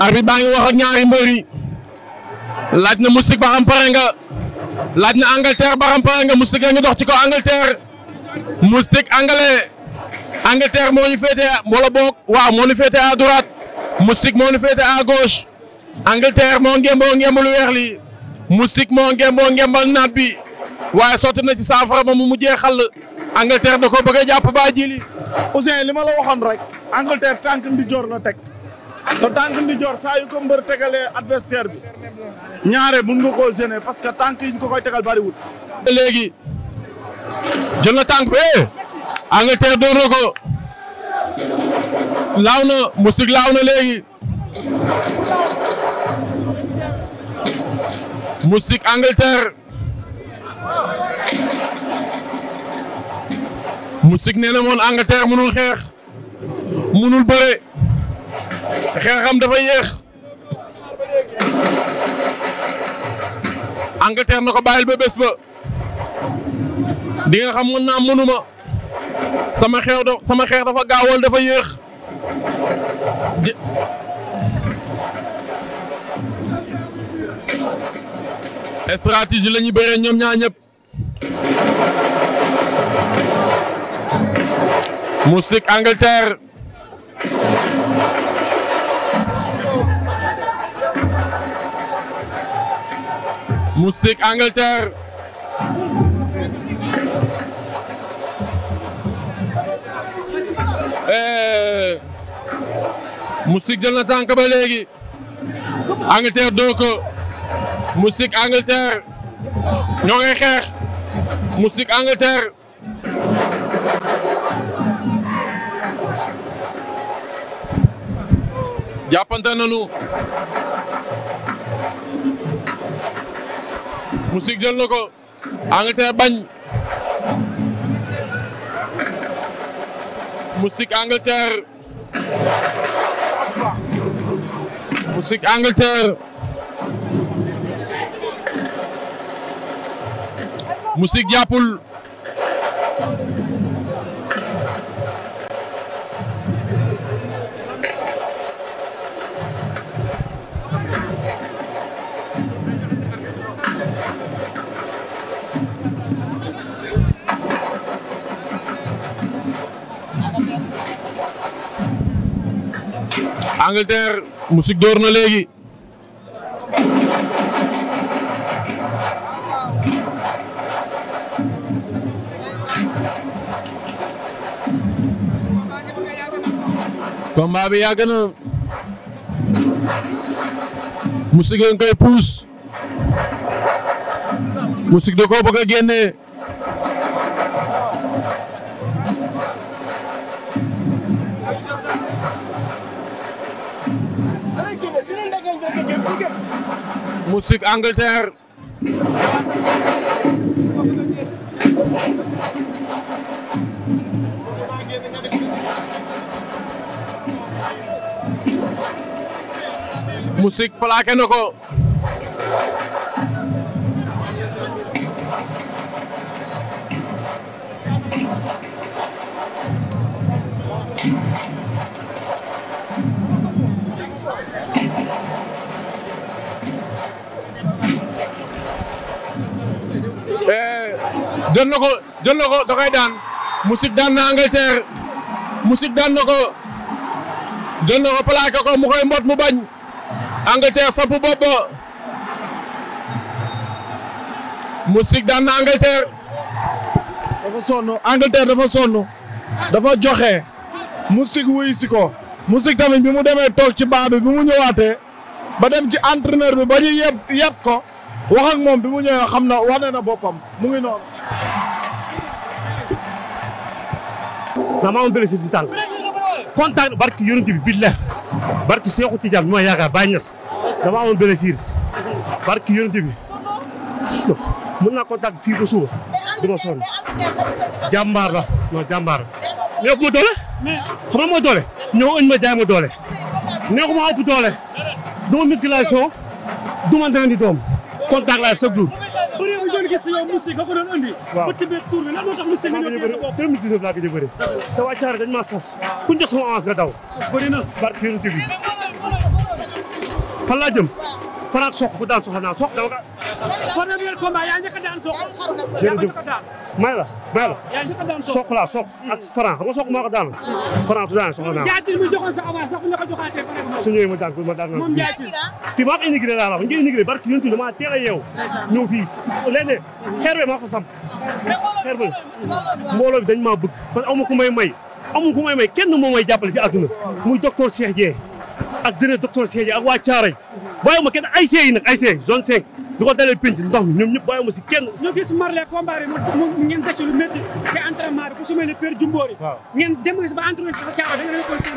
arbitre baa ngi wax ñaari mbër laaj na Moustique ba xam laaj na Angleterre ba xam pare nga Moustique a ngi dox ci kaw Angleterre Moustique anglais Angleterre moo ñu féetee wala boog waaw moo ñu féetee à droite Moustique moo ñu féetee à moo ngemboo ngemb lu weex li moo ngemboo ngembal naat waaye sotti na ci saafara ba mu mujjee xàll Angleterre da ko bëgg jàpp ba jili Ousseyn li ma la waxoon rek Angleterre tànk ndi joor la teg te tànk ndijoor saa yu ko mbër tegalee adversaire bi ñaare mun nga koo gêner parce que tànk yi ñu ko koy tegal bariwul. léegi jël na tànk bi eh, Angleterre door ko laaw na musik laaw na léegi musik Angleterre musik nee na moon Angleterre munul xeex munul bëre. xeexam dafa yéex Angleterre na ko bàyyil ba bés ba di xam mën naa mënuma sama xeex sama xeex dafa gaawal dafa yéex stratégie la ñu ñoom ñaa ñëpp Moustique Angleterre Moustique Angleterre eh, Moustique jël na tànk ba léegi Angleterre doo ko Moustique Angleterre ñoo ngay xeex Moustique Angleterre jàppante nañu Moustique jël na ko Angleterre bañ Moustique Angleterre Moustique Angleterre Moustique jàppul Angleterre Moustique door na léegi. combat bi yàgg na Moustique nga koy puus Moustique da koo bëgg a génne. musique Angleterre musique plaqué na ko jël na ko jël na ko da koy daan Moustique daan na Angleterre Moustique daan na ko jël na ko plaqué ko mu koy mbot mu bañ Angleterre samp bopp ba daan na Angleterre. dafa sonn Angleterre dafa joxe musik wuyu si ko Moustique tamit bi mu demee toog ci baa bi bi mu ñëwaatee ba dem ci entraîneur bi ba ñu yeb ko wax moom bi mu ñëwee xam na wane na boppam mu ngi noonu. ndax maa moom blessure ci tànk kontaan barki yonent bi billah Seexu Tijaan bi ma yaakaar Baay Ñas dama amoon blessure barki yonent bi mën naa contact fii ba suba du ma sonn jàmbaar la non jàmbaar la mais ëpp ma doole xam nga mooy doole ñëw ëñ ma jaay ma doole neexu ma ëpp doole duma musculation duma naan di doom contact la chaque jour bëri wu doon gis yow Moussi nga ko doon andi. waaw ba tëbee tour bi lan moo tax Moussi nga ñëw gis sa bopp. 2019 laa gëj a bëri. te waa na barke yéen a déglu. fan laa jëm. Faraak soq ku daan soxla naa soq dama premier combat yaa njëkk a daan soq. jërëjëf may la may la. yaa njëkk a daan soq soq laa soq ak franc xam nga soq moo ko daan. franc du daan soq daan. jaajëf mu joxoon sa avance ndax bu ñu la ko joxaatee pare ma. su ñëwee ma daan ko ma daan moom jaajëf. fii maa ko immigré laa la wax ñu ngi immigré barki ñun damaa teel a yeewu. ñëw fii léeg-léeg xeer bi maa ko sam. xeer bi mbooloo bi dañ maa bëgg. parce que amu ku may may amu ku may may kenn moo may jàppale si àdduna muy docteur Cheikh Dieng ak jëne docteur Cheikh Dieng ak waa Thiaroye bàyyiwuma kenn ay seey nag ay seey zone 5 ñu ko dalee pinc ndox mi ñoom ñëpp bàyyi ma si kenn. ñoo gis Marley combat bi mu ngeen dese lu métti ci entraînement bi ku su mel ne Père Jumboori. waaw ngeen dem ba entraînement da nga